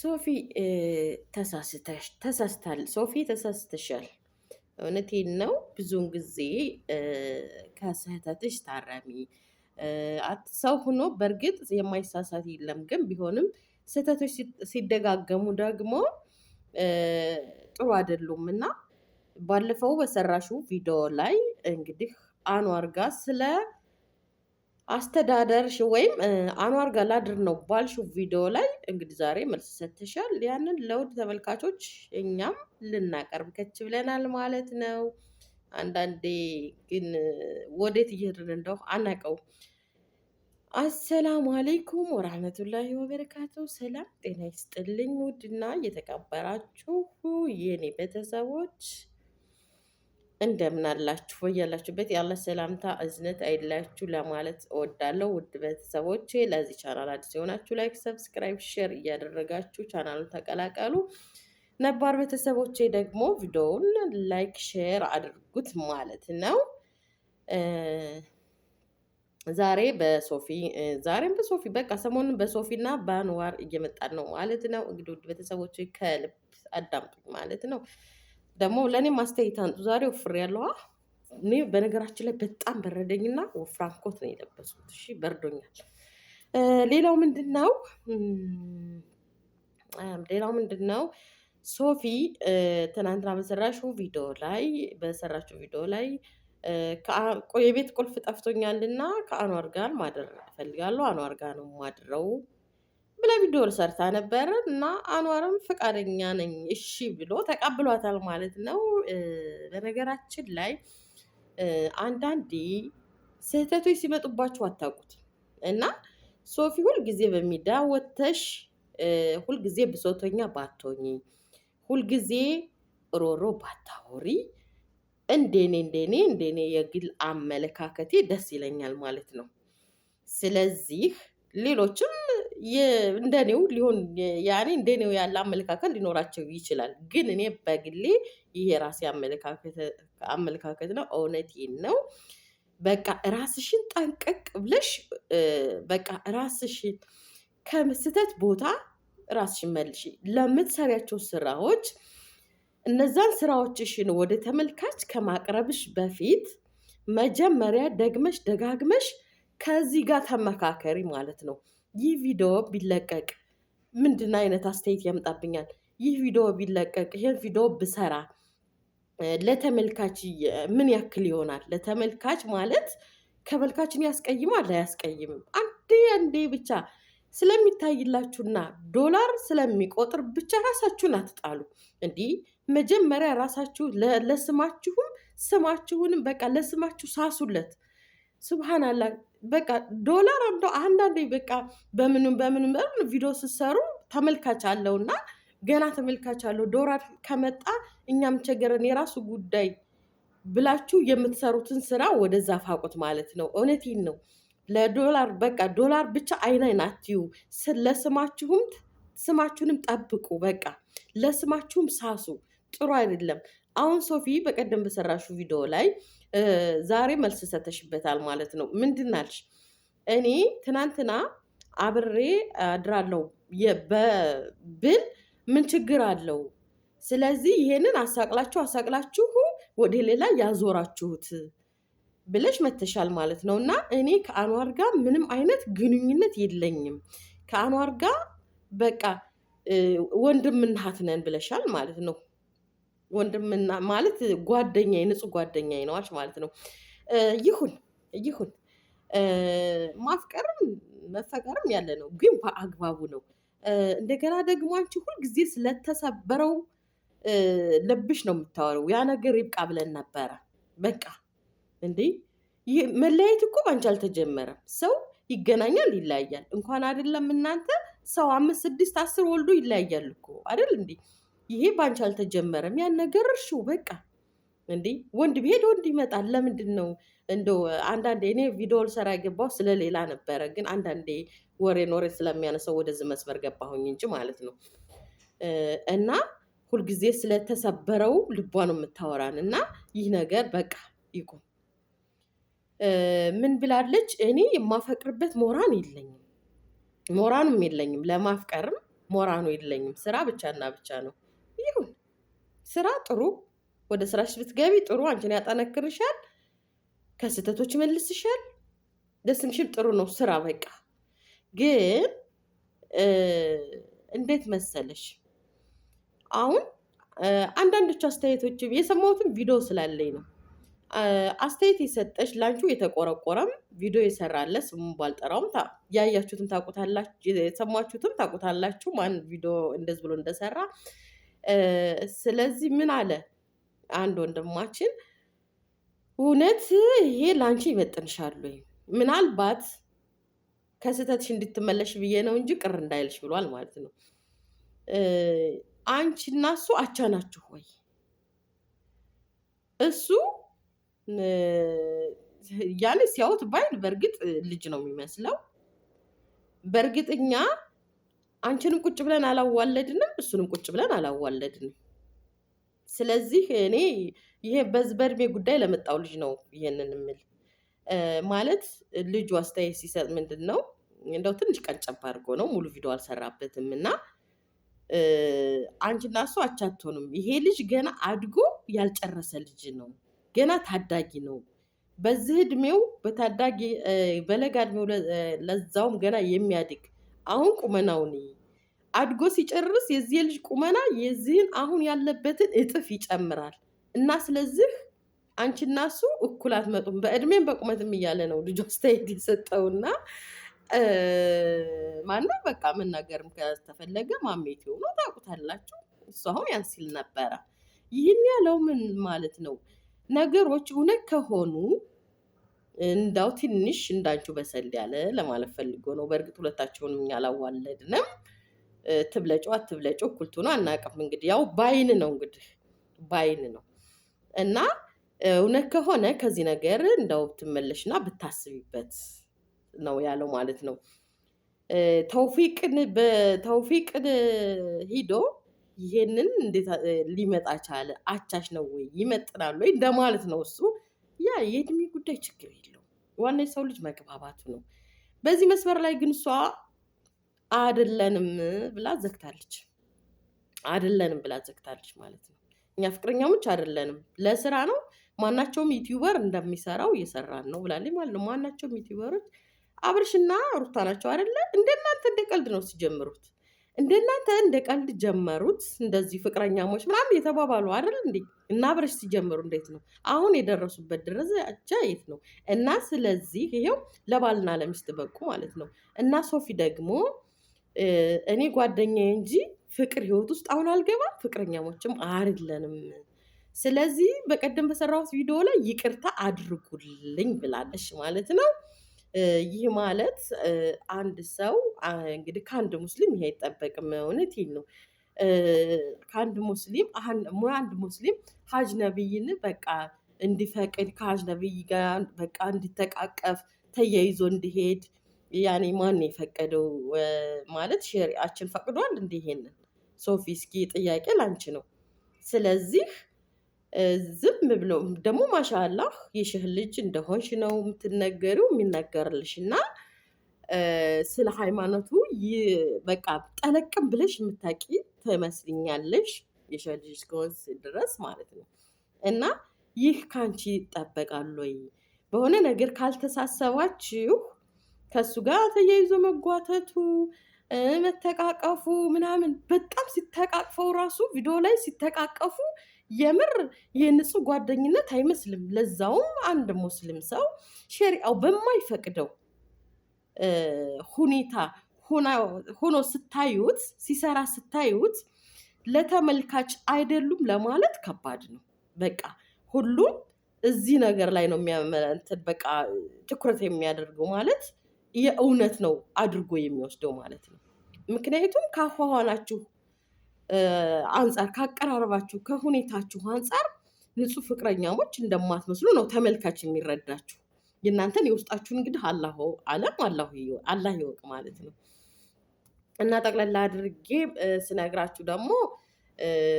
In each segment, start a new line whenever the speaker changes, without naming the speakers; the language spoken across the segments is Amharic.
ሶፊ ተሳስተሻል። ሶፊ ተሳስተሻል። እውነቴን ነው። ብዙውን ጊዜ ከስህተትሽ ታረሚ። ሰው ሆኖ በእርግጥ የማይሳሳት የለም፣ ግን ቢሆንም ስህተቶች ሲደጋገሙ ደግሞ ጥሩ አይደሉም እና ባለፈው በሰራሹ ቪዲዮ ላይ እንግዲህ አኗር ጋር ስለ አስተዳደርሽ ወይም አኗር ጋላድር ነው ባልሽው ቪዲዮ ላይ እንግዲህ ዛሬ መልስ ሰጥተሻል። ያንን ለውድ ተመልካቾች እኛም ልናቀርብ ከች ብለናል ማለት ነው። አንዳንዴ ግን ወዴት እየሄድን እንደው አናቀው። አሰላሙ አለይኩም ወራህመቱላሂ ወበረካቱ። ሰላም ጤና ይስጥልኝ ውድና እየተቀበራችሁ የኔ ቤተሰቦች እንደምን አላችሁ በያላችሁበት ያለ ሰላምታ እዝነት አይላችሁ ለማለት እወዳለሁ። ውድ ቤተሰቦች ለዚህ ቻናል አዲስ የሆናችሁ ላይክ፣ ሰብስክራይብ፣ ሼር እያደረጋችሁ ቻናሉን ተቀላቀሉ። ነባር ቤተሰቦቼ ደግሞ ቪዲዮውን ላይክ፣ ሼር አድርጉት ማለት ነው። ዛሬ በሶፊ ዛሬም በሶፊ በቃ ሰሞኑን በሶፊ እና በአንዋር እየመጣን ነው ማለት ነው። እንግዲህ ውድ ቤተሰቦች ከልብ አዳምጡኝ ማለት ነው። ደግሞ ለእኔ ማስተያየት አንጡ። ዛሬ ወፍር ያለዋ እኔ በነገራችን ላይ በጣም በረደኝና ወፍራም ኮት ነው የለበሱት። እሺ በርዶኛል። ሌላው ምንድን ነው? ሌላው ምንድን ነው? ሶፊ ትናንትና በሰራሽው ቪዲዮ ላይ በሰራችው ቪዲዮ ላይ የቤት ቁልፍ ጠፍቶኛልና ከአኗር ጋር ማደር እፈልጋለሁ። አኗር ጋር ነው ማድረው ብላ ቪዲዮ ሰርታ ነበር እና አኗርም ፈቃደኛ ነኝ እሺ ብሎ ተቀብሏታል ማለት ነው። በነገራችን ላይ አንዳንዴ ስህተቶች ሲመጡባችሁ አታውቁት እና ሶፊ ሁልጊዜ በሚዳ ወተሽ ሁልጊዜ ብሶተኛ ባትሆኚ፣ ሁልጊዜ ሮሮ ባታወሪ፣ እንደኔ እንደኔ እንደኔ የግል አመለካከቴ ደስ ይለኛል ማለት ነው። ስለዚህ ሌሎችም እንደኔው ሊሆን ያኔ እንደኔው ያለ አመለካከት ሊኖራቸው ይችላል። ግን እኔ በግሌ ይሄ ራሴ አመለካከት ነው፣ እውነቴን ነው። በቃ ራስሽን ጠንቀቅ ብለሽ በቃ ራስሽን ከስህተት ቦታ ራስሽን መልሽ። ለምትሰሪያቸው ስራዎች እነዛን ስራዎችሽን ወደ ተመልካች ከማቅረብሽ በፊት መጀመሪያ ደግመሽ ደጋግመሽ ከዚህ ጋር ተመካከሪ ማለት ነው። ይህ ቪዲዮ ቢለቀቅ ምንድን አይነት አስተያየት ያምጣብኛል? ይህ ቪዲዮ ቢለቀቅ ይህን ቪዲዮ ብሰራ ለተመልካች ምን ያክል ይሆናል? ለተመልካች ማለት ተመልካችን ያስቀይማል አያስቀይምም? አንዴ አንዴ ብቻ ስለሚታይላችሁና ዶላር ስለሚቆጥር ብቻ ራሳችሁን አትጣሉ። እንዲህ መጀመሪያ ራሳችሁ ለስማችሁም ስማችሁንም በቃ ለስማችሁ ሳሱለት። ሱብሃናላ በቃ ዶላር አንዶ አንዳንዴ በቃ በምንም በምንም ቪዲዮ ስትሰሩ ተመልካች አለውና ገና ተመልካች አለው። ዶላር ከመጣ እኛም ቸገረን የራሱ ጉዳይ ብላችሁ የምትሰሩትን ስራ ወደዛ ፋቁት ማለት ነው። እውነቴን ነው። ለዶላር በቃ ዶላር ብቻ አይና ናትዩ ለስማችሁም ስማችሁንም ጠብቁ። በቃ ለስማችሁም ሳሱ። ጥሩ አይደለም። አሁን ሶፊ በቀደም በሰራሹ ቪዲዮ ላይ ዛሬ መልስ ሰተሽበታል ማለት ነው። ምንድን አልሽ? እኔ ትናንትና አብሬ አድራለው ብል ምን ችግር አለው? ስለዚህ ይሄንን አሳቅላችሁ አሳቅላችሁ ወደ ሌላ ያዞራችሁት ብለሽ መተሻል ማለት ነው። እና እኔ ከአኗር ጋር ምንም አይነት ግንኙነት የለኝም። ከአኗር ጋር በቃ ወንድም ነን ብለሻል ማለት ነው። ወንድምና ማለት ጓደኛ ንጹህ ጓደኛ ነዋች ማለት ነው። ይሁን ይሁን ማፍቀርም መፈቀርም ያለ ነው፣ ግን በአግባቡ ነው። እንደገና ደግሞ አንቺ ሁልጊዜ ስለተሰበረው ልብሽ ነው የምታወረው ያ ነገር ይብቃ ብለን ነበረ። በቃ እንዴ መለያየት እኮ ባንቺ አልተጀመረም። ሰው ይገናኛል፣ ይለያያል። እንኳን አይደለም እናንተ ሰው አምስት ስድስት አስር ወልዶ ይለያያል እኮ አይደል እንዴ? ይሄ ባንቺ አልተጀመረም። ያን ነገር እርሺው በቃ። እንዲ ወንድ ቢሄድ ወንድ ይመጣል። ለምንድን ነው እንደው አንዳንዴ እኔ ቪዲዮ ልሰራ የገባሁ ስለሌላ ነበረ፣ ግን አንዳንዴ ወሬ ኖሬ ስለሚያነሳው ወደዚህ መስመር ገባሁኝ እንጂ ማለት ነው እና ሁልጊዜ ስለተሰበረው ልቧ ነው የምታወራን። እና ይህ ነገር በቃ ይቁም። ምን ብላለች? እኔ የማፈቅርበት ሞራን የለኝም፣ ሞራኑም የለኝም፣ ለማፍቀርም ሞራኑ የለኝም። ስራ ብቻና ብቻ ነው ስራ ጥሩ፣ ወደ ስራሽ ብትገቢ ጥሩ፣ አንቺን ያጠነክርሻል፣ ከስህተቶች መልስሻል። ደስምሽም ጥሩ ነው ስራ በቃ። ግን እንዴት መሰለሽ አሁን አንዳንዶቹ አስተያየቶች የሰማሁትን ቪዲዮ ስላለኝ ነው። አስተያየት የሰጠች ላንቹ የተቆረቆረም ቪዲዮ የሰራለ ስሙን ባልጠራውም ያያችሁትም ታቁታላችሁ የሰማችሁትም ታቁታላችሁ ማን ቪዲዮ እንደዚህ ብሎ እንደሰራ ስለዚህ ምን አለ አንድ ወንድማችን፣ እውነት ይሄ ላንቺ ይመጥንሻል ወይ? ምናልባት ከስህተትሽ እንድትመለሽ ብዬ ነው እንጂ ቅር እንዳይልሽ ብሏል ማለት ነው። አንቺ እና እሱ አቻ ናችሁ ወይ? እሱ ያኔ ሲያዩት ባይል በእርግጥ ልጅ ነው የሚመስለው በእርግጥኛ አንቺንም ቁጭ ብለን አላዋለድንም፣ እሱንም ቁጭ ብለን አላዋለድንም። ስለዚህ እኔ ይሄ በእድሜ ጉዳይ ለመጣው ልጅ ነው ይሄንን የምል ማለት ልጁ አስተያየት ሲሰጥ ምንድን ነው እንደው ትንሽ ቀንጨብ አድርጎ ነው ሙሉ ቪዲዮ አልሰራበትም እና አንቺና እሱ አቻትሆንም አትሆኑም። ይሄ ልጅ ገና አድጎ ያልጨረሰ ልጅ ነው፣ ገና ታዳጊ ነው። በዚህ እድሜው በታዳጊ በለጋ እድሜው ለዛውም ገና የሚያድግ አሁን ቁመናውን አድጎ ሲጨርስ የዚህ ልጅ ቁመና የዚህን አሁን ያለበትን እጥፍ ይጨምራል እና ስለዚህ አንቺና እሱ እኩል አትመጡም። በእድሜም በቁመትም እያለ ነው ልጁ አስተያየት የሰጠውና ማንም በቃ መናገርም ከተፈለገ ማሜቴው ነው ታውቁታላችሁ። እሱ አሁን ያን ሲል ነበረ። ይህን ያለው ምን ማለት ነው? ነገሮች እውነት ከሆኑ እንዳው ትንሽ እንዳንቹ በሰል ያለ ለማለት ፈልጎ ነው። በእርግጥ ሁለታቸውን ያላዋለድንም። ትብለጮ አትብለጮ እኩልቱ ነው አናውቅም። እንግዲህ ያው ባይን ነው እንግዲህ ባይን ነው እና እውነት ከሆነ ከዚህ ነገር እንደው ብትመለሽና ብታስቢበት ነው ያለው ማለት ነው። ተውፊቅን ሂዶ ይሄንን እንዴት ሊመጣ ቻለ? አቻሽ ነው ወይ ይመጥናል ወይ እንደማለት ነው እሱ ያ የእድሜ ጉዳይ ችግር የለው። ዋና የሰው ልጅ መግባባቱ ነው። በዚህ መስመር ላይ ግን እሷ አደለንም ብላ ዘግታለች። አደለንም ብላ ዘግታለች ማለት ነው። እኛ ፍቅረኛሞች አደለንም፣ ለስራ ነው። ማናቸውም ዩቲዩበር እንደሚሰራው እየሰራን ነው ብላለች ማለት ነው። ማናቸውም ዩቲዩበሮች አብርሽና ሩታ ናቸው አደለ? እንደናንተ እንደ ቀልድ ነው ሲጀምሩት፣ እንደናንተ እንደ ቀልድ ጀመሩት። እንደዚህ ፍቅረኛሞች ምናምን የተባባሉ አደል እንዴ? እና አብረሽ ሲጀምሩ እንዴት ነው አሁን የደረሱበት ደረጃ የት ነው? እና ስለዚህ ይሄው ለባልና ለሚስት በቁ ማለት ነው። እና ሶፊ ደግሞ እኔ ጓደኛ እንጂ ፍቅር ህይወት ውስጥ አሁን አልገባም፣ ፍቅረኛሞችም አይደለንም። ስለዚህ በቀደም በሰራሁት ቪዲዮ ላይ ይቅርታ አድርጉልኝ ብላለች ማለት ነው። ይህ ማለት አንድ ሰው እንግዲህ ከአንድ ሙስሊም ይሄ አይጠበቅም። እውነት ነው። ከአንድ ሙስሊም አንድ ሙስሊም ሀጅ ነብይን በቃ እንዲፈቅድ ከሀጅ ነብይ ጋር በቃ እንዲተቃቀፍ ተያይዞ እንዲሄድ ያኔ ማን የፈቀደው ማለት ሸሪአችን ፈቅዷል እንዲሄንን ሶፊ እስኪ ጥያቄ ላንቺ ነው ስለዚህ ዝም ብሎ ደግሞ ማሻላህ የሽህ ልጅ እንደሆንሽ ነው የምትነገሪው የሚነገርልሽ እና ስለ ሃይማኖቱ በቃ ጠለቅም ብለሽ የምታቂ ትመስልኛለሽ የሰው ልጅ እስከሆንሽ ድረስ ማለት ነው። እና ይህ ከአንቺ ይጠበቃል ወይ? በሆነ ነገር ካልተሳሰባችሁ ከእሱ ጋር ተያይዞ መጓተቱ መተቃቀፉ ምናምን በጣም ሲተቃቅፈው ራሱ ቪዲዮ ላይ ሲተቃቀፉ የምር የንጹህ ጓደኝነት አይመስልም። ለዛውም አንድ ሙስሊም ሰው ሸሪአው በማይፈቅደው ሁኔታ ሆኖ ስታዩት ሲሰራ ስታዩት ለተመልካች አይደሉም ለማለት ከባድ ነው። በቃ ሁሉም እዚህ ነገር ላይ ነው እንትን በቃ ትኩረት የሚያደርገው ማለት የእውነት ነው አድርጎ የሚወስደው ማለት ነው። ምክንያቱም ከአኳኋናችሁ አንጻር ካቀራረባችሁ ከሁኔታችሁ አንጻር ንጹህ ፍቅረኛሞች እንደማትመስሉ ነው ተመልካች የሚረዳችሁ። የእናንተን የውስጣችሁን እንግዲህ አላሁ አለም አላሁ አላህ ይወቅ ማለት ነው። እና ጠቅላላ አድርጌ ስነግራችሁ ደግሞ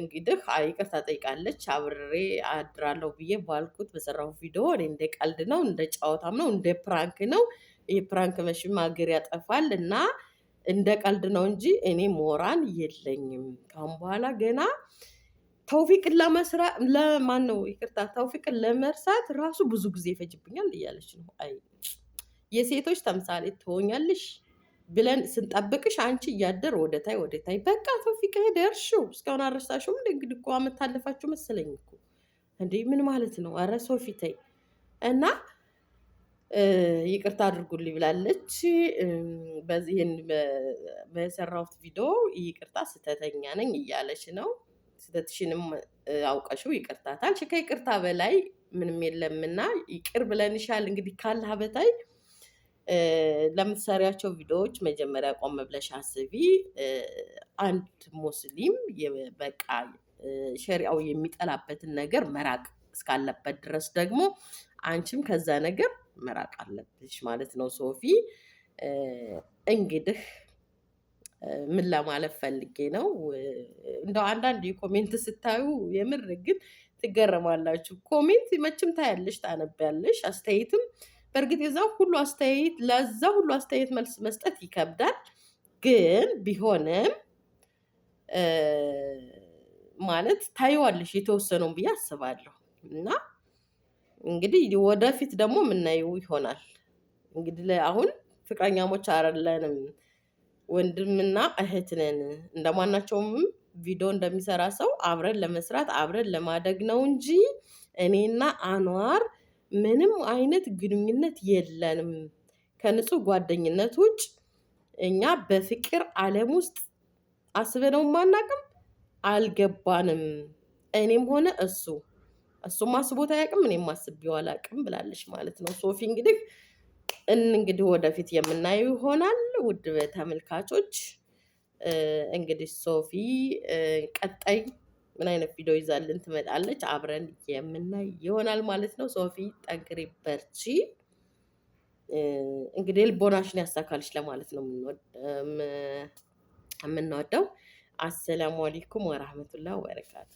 እንግዲህ ይቅርታ ጠይቃለች። አብሬ አድራለሁ ብዬ ባልኩት በሰራሁ ቪዲዮ እኔ እንደ ቀልድ ነው እንደ ጨዋታም ነው እንደ ፕራንክ ነው። የፕራንክ መሽም ሀገር ያጠፋል እና እንደ ቀልድ ነው እንጂ እኔ ሞራን የለኝም። ካሁን በኋላ ገና ተውፊቅን ለመስራ ለማን ነው ይቅርታ፣ ተውፊቅን ለመርሳት ራሱ ብዙ ጊዜ ይፈጅብኛል እያለች ነው። አይ የሴቶች ተምሳሌ ትሆኛለሽ። ብለን ስንጠብቅሽ አንቺ እያደር ወደታይ ወደታይ በቃ ቶፊቅ ደርሽው እስካሁን አረሳሽውም። እንግዲህ እኮ የምታለፋችሁ መሰለኝ እኮ እንዴ! ምን ማለት ነው? አረ ሶፊተይ እና ይቅርታ አድርጉልኝ ብላለች። በዚህን በሰራሁት ቪዲዮ ይቅርታ ስተተኛ ነኝ እያለች ነው። ስተትሽንም አውቀሽው ይቅርታታል። ከይቅርታ በላይ ምንም የለምና ይቅር ብለንሻል። እንግዲህ ካለ በታይ ለምትሰሪያቸው ቪዲዮዎች መጀመሪያ ቆም ብለሽ አስቢ። አንድ ሙስሊም በቃ ሸሪያው የሚጠላበትን ነገር መራቅ እስካለበት ድረስ ደግሞ አንቺም ከዛ ነገር መራቅ አለብሽ ማለት ነው። ሶፊ እንግዲህ ምን ለማለት ፈልጌ ነው፣ እንደው አንዳንድ ኮሜንት ስታዩ የምር ግን ትገረማላችሁ። ኮሜንት መቼም ታያለሽ፣ ታነቢያለሽ፣ አስተያየትም በእርግጥ የዛ ሁሉ አስተያየት ለዛ ሁሉ አስተያየት መልስ መስጠት ይከብዳል። ግን ቢሆንም ማለት ታየዋለሽ የተወሰነውን ብዬ አስባለሁ እና እንግዲህ ወደፊት ደግሞ የምናየው ይሆናል። እንግዲህ አሁን ፍቅረኛሞች አይደለንም፣ ወንድምና እህት ነን። እንደማናቸውም ቪዲዮ እንደሚሰራ ሰው አብረን ለመስራት አብረን ለማደግ ነው እንጂ እኔና አኗር ምንም አይነት ግንኙነት የለንም። ከንጹህ ጓደኝነት ውጭ እኛ በፍቅር አለም ውስጥ አስበነው ማናቅም አልገባንም። እኔም ሆነ እሱ እሱም አስቦት አያውቅም እኔም አስቤው አላውቅም ብላለች ማለት ነው። ሶፊ እንግዲህ እንግዲህ ወደፊት የምናየው ይሆናል። ውድ ተመልካቾች እንግዲህ ሶፊ ቀጣይ ምን አይነት ቪዲዮ ይዛልን ትመጣለች? አብረን የምናይ ይሆናል ማለት ነው። ሶፊ ጠንክሬ በርቺ። እንግዲህ ልቦናሽን ያሳካልች ለማለት ነው የምንወደው። አሰላሙ አለይኩም ወራህመቱላህ ወበረካቱ